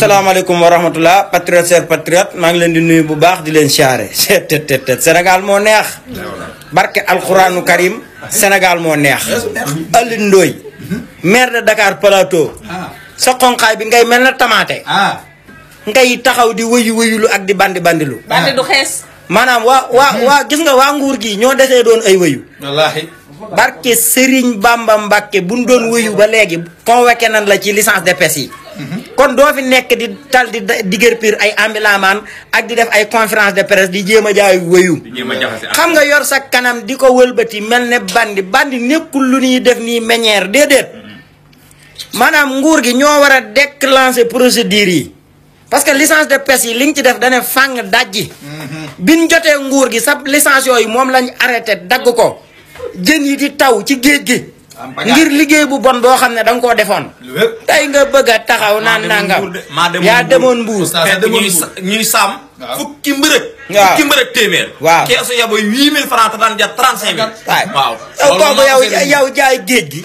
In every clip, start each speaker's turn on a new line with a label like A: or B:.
A: salaamaaleykum wa rahmatullah patriote ser patriote maa ngi leen di nuyu bu baax di leen siyaare tet tet tet moo neex barke alxuraanu karim Sénégal moo neex Alioune maire de Dakar Plateau sa xonqaay bi ngay mel na tamaate ngay taxaw di wëyu wëyulu ak di bandi bandilu bandi du maanaam waa waa gis nga waa nguur gi ñoo desee doon ay wëyu wallaahi barke Serigne Bamba Mbacke buñ doon wëyu ba léegi convoqué na la ci licence de pêche yi kon do fi nek di tal di diger pir ay ambilaman ak di def ay conférence de presse di jema jaay wëyu xam nga yor sa kanam di ko melne bandi bandi nekul lu ni def ni meññeer dedet manam mm-hmm. nguur gi ño wara déclencher procédure yi parce que licence de presse yi liñ ci def dañe fang dajji mm-hmm. biñ jotee nguur gi sa licence yoy mom lañ arrêté dagg ko jën yi di taw ci géej gi ngir liggey bu bon bo xamne dang ko nga tay nga bëgg taxaw nan nangam ya demone bu ñuy sam fukki mbeureuk fukki mbeureuk téeméer waaw keesu yaboy 8000 francs te ja 35000 waaw yow ko yow yow jaay geej gi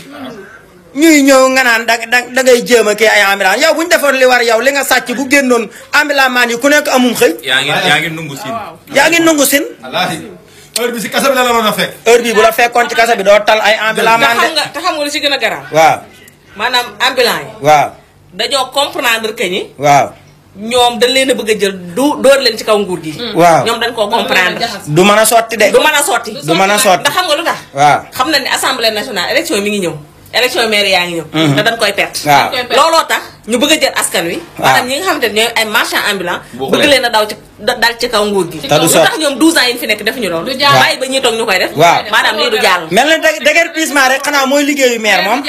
A: ñuy ñew nga nan da ngay jëma a ay amiran yow buñ ñu li war yow li nga sacc bu gennon ambulant maan yi ku nekk amum xey ya ngi yaa ngi nungu sin ya ngi nungu sin wallahi heure bi si kasa bi la la doon a fekk. heure bi bu la fekkoon ci kasa bi doo tal ay ambulans. man de
B: te xam nga lu si gën a garaaw. waaw maanaam ambulans yi. waaw dañoo comprendre que ñi. waaw ñoom dañ leen a jël du dóor leen ci kaw nguur gi. Mm. waaw ñoom dañ koo comprendre. du man
A: a sotti de. du mën a sotti. mën a sotti ndax xam nga lu tax. waaw
B: xam na ne assemblée nationale élection mi ngi ñëw. élection maire yaa ngi ñëw. Mhm. te dañ koy perte. looloo tax ñu bëgg a jël askan wi. waaw maanaam ñi nga xamante ne ñooy ay marchands ambulants. bëgg leen a daw ci dal ci kaw nguur gi. te tax ñoom 12 ans yi fi nekk defuñu loolu. bàyyi ba ñii toog ñu koy def. waaw maanaam du jàll.
A: mel na déguerpissement rek xanaa mooy liggéeyu maire moom.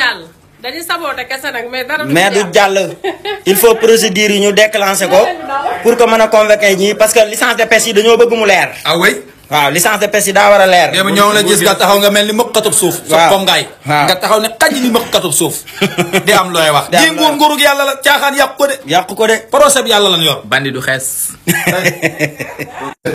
B: dañuy saboté kese mais dara du
A: jàll il faut procédure yi ñu déclenché ko pour que mën a convoquer ñii parce que licence de pêche yi dañoo bëgg mu leer. Ah waaw licence de pêche yi daa war a leer. bu ñoo ngi la gis nga taxaw nga mel ni mëkkatub suuf. waaw soppam ngaay. nga taxaw ne xaj li mëkkatub suuf. di am looy wax. di nguur nguurug yàlla la caaxaan yàqu ko de. yàqu ko de. procès bi yàlla lan yor. bandi du xees.